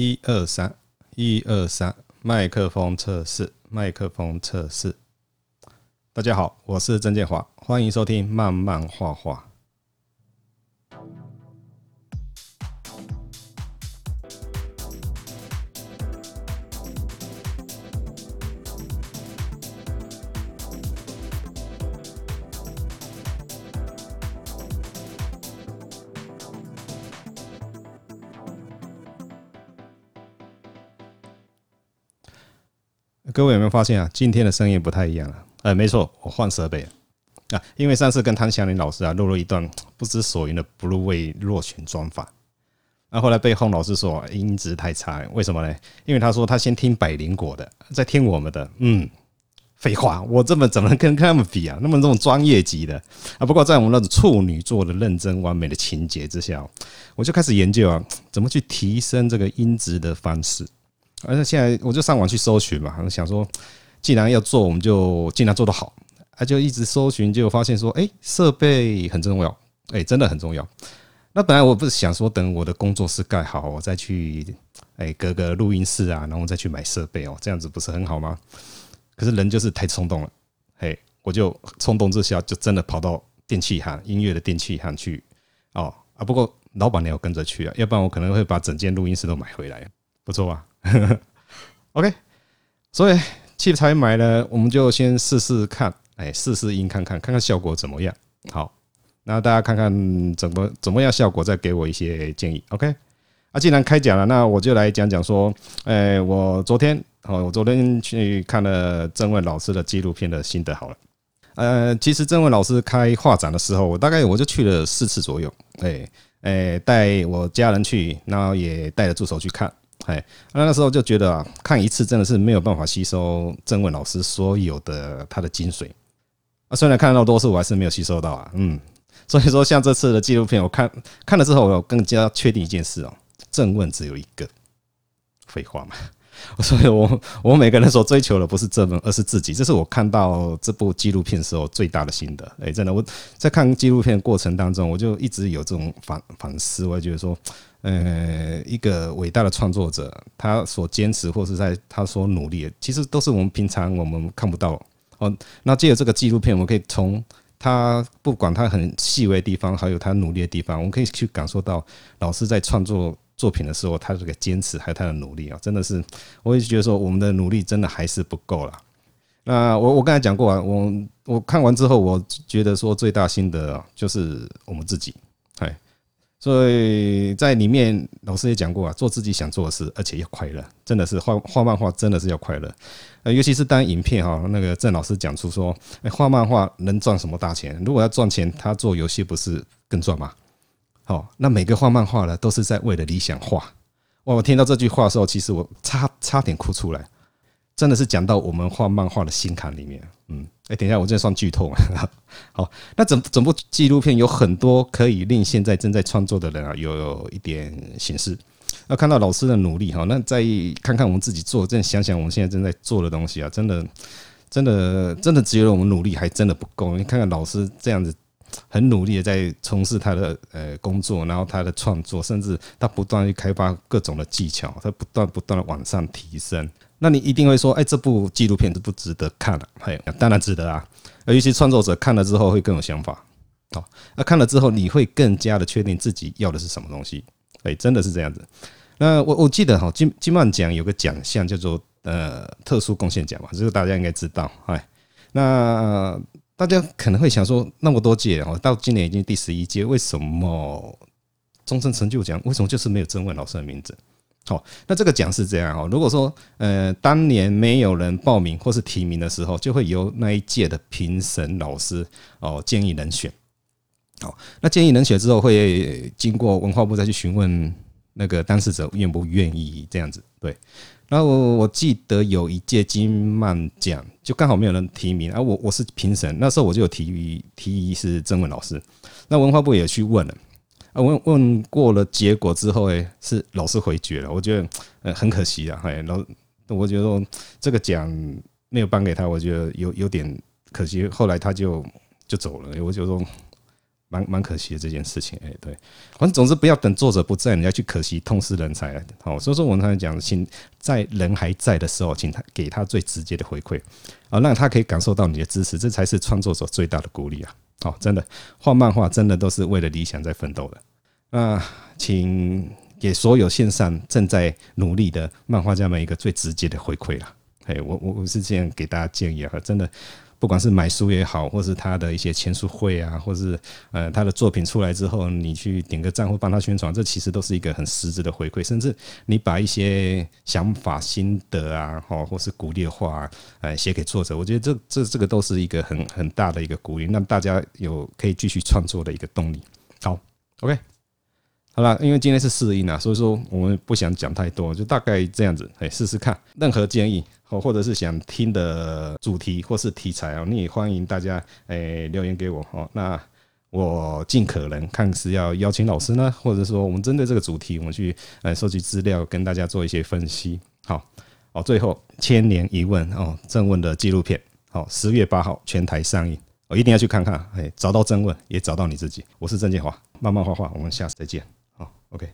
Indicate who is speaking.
Speaker 1: 一二三，一二三，麥克風測試，麥克風測試。大家好，我是曾建華，歡迎收聽慢慢畫畫。漫漫畫畫各位有沒有發現啊？今天的聲音不太一樣，啊欸，了。呃，沒錯，我換設備了啊，因為上次跟湯祥林老師啊錄了一段不知所云的 Blue Way 弱弦裝法，然，啊、後來被洪老師說，啊、音質太差，欸。為什麼呢？因為他說他先聽百靈果的，再聽我們的。嗯，廢話，我這麼怎麼能跟他們比啊？那麼這種專業級的啊，不過在我們那種處女座的認真完美的情結之下，我就開始研究啊，怎麼去提升這個音質的方式。而且現在我就上網去搜尋嘛，想說既然要做，我們就盡量做得好。啊，就一直搜尋，就發現說，哎，設備很重要，哎，真的很重要。那本來我不是想說，等我的工作室蓋好，我再去，哎，隔個錄音室啊，然後再去買設備哦、喔，這樣子不是很好嗎？可是人就是太衝動了，嘿，我就衝動之下就真的跑到電器行、音樂的電器行去，哦，啊，不過老闆娘有跟着去啊，要不然我可能會把整間錄音室都買回來，不錯吧？呵 OK，所以器材買了，我們就先試試看，哎，試試音，看看看看效果怎麼樣。好，那大家看看怎麼怎麼樣效果，再給我一些建議。OK，那、啊、既然開講了，那我就來講講說，哎，我昨天哦，我昨天去看了鄭問老師的紀錄片的心得。好了，呃，其實鄭問老師開畫展的時候，我大概我就去了四次左右，哎哎，帶我家人去，然後也帶着助手去看。哎，那那時候就覺得啊，看一次真的是沒有辦法吸收鄭問老師所有的他的精髓啊。雖然看到多次，我還是沒有吸收到啊。嗯，所以說像這次的紀錄片，我看看了之後，我更加確定一件事哦、啊，鄭問只有一個。廢話嘛，所以我我每個人所追求的不是這本，而是自己。這是我看到這部紀錄片的時候最大的心得。誒，真的，我在看紀錄片的過程當中，我就一直有這種反反思。我也覺得說，呃，一個偉大的創作者，他所堅持或是在他所努力，其實都是我們平常我們看不到哦。那借着這個紀錄片，我們可以從他不管他很細微的地方，還有他努力的地方，我們可以去感受到老師在創作作品的時候，他的這個堅持還有他的努力啊，真的是，我一直覺得說我們的努力真的還是不夠了。那我我剛才講過啊，我我看完之後，我覺得說最大心得啊，就是我們自己，哎，所以在裡面老師也講過啊，做自己想做的事，而且要快樂，真的是畫畫漫畫，真的是要快樂。呃，尤其是當影片哈、喔，那個鄭老師講出說，畫漫畫能賺什麼大錢？如果要賺錢，他做遊戲不是更賺嗎？哦，那每個畫漫畫的都是在為了理想畫哇。我我聽到這句話的時候，其實我差差點哭出來，真的是講到我們畫漫畫的心坎裡面。嗯，誒、欸，等一下，我這算劇透嗎？ 好，那整整部紀錄片有很多可以令現在正在創作的人啊，有有一點啟示。那看到老師的努力哈、哦，那再看看我們自己做，再想想我們現在正在做的東西啊，真的，真的，真的只有我們努力還真的不夠。你看看老師這樣子。很努力的在從事他的呃工作，然後他的創作，甚至他不斷去開發各種的技巧，他不斷不斷的往上提升。那你一定會說，哎，這部紀錄片值不值得看了，嘿，當然值得啊。尤其創作者看了之後會更有想法，好，那看了之後你會更加的確定自己要的是什麼東西，哎，真的是這樣子。那我我記得哈，金金馬獎有個獎項叫做呃特殊貢獻獎嘛，這個大家應該知道，哎，那。大家可能會想說，那麼多屆哦，到今年已經第十一屆，為什麼終身成就獎為什麼就是沒有鄭問老師的名字？好，那這個獎是這樣哦，如果說呃當年沒有人報名或是提名的時候，就會由那一屆的評審老師哦建議人選。好，那建議人選之後會經過文化部再去詢問那個當事者願不願意這樣子，對。然後我我記得有一屆金漫獎，就剛好沒有人提名，啊，我我是評審，那時候我就有提議，提議是鄭問老師，那文化部也去問了，啊問問過了結果之後，哎是老師回絕了，我覺得呃很可惜啊，哎老我覺得這個獎沒有頒給他，我覺得有有點可惜，後來他就就走了，我就說。蠻蠻可惜的這件事情，誒、欸，對，反正總之不要等作者不在，你要去可惜痛失人才好、哦，所以說我們剛才講，請在人還在的時候，請他給他最直接的回饋，啊、哦，讓他可以感受到你的支持，這才是創作者最大的鼓勵啊！好、哦，真的，畫漫畫真的都是為了理想在奮鬥的，那、啊、請給所有線上正在努力的漫畫家們一個最直接的回饋了、啊，哎、欸，我我我是這樣給大家建議和、啊、真的。不管是買書也好，或是他的一些簽書會啊，或是呃他的作品出來之後，你去點個讚或幫他宣傳，這其實都是一個很實質的回饋。甚至你把一些想法、心得啊，哈，或是鼓勵的話啊，哎，寫給作者，我覺得這這這個都是一個很很大的一個鼓勵，讓大家有可以繼續創作的一個動力。好，OK，好了，因為今天是試音啊，所以說我們不想講太多，就大概這樣子，哎，試試看，任何建議。哦，或者是想聽的主題或是題材哦，你也歡迎大家誒留言給我哦。那我盡可能看是要邀請老師呢，或者說我們針對這個主題，我們去呃收集資料，跟大家做一些分析。好，好，最後千年一問，哦，鄭問的紀錄片，好，十月八號全台上映，我一定要去看看。誒，找到鄭問，也找到你自己。我是鄭建華，慢慢畫畫，我們下次再見。好，OK。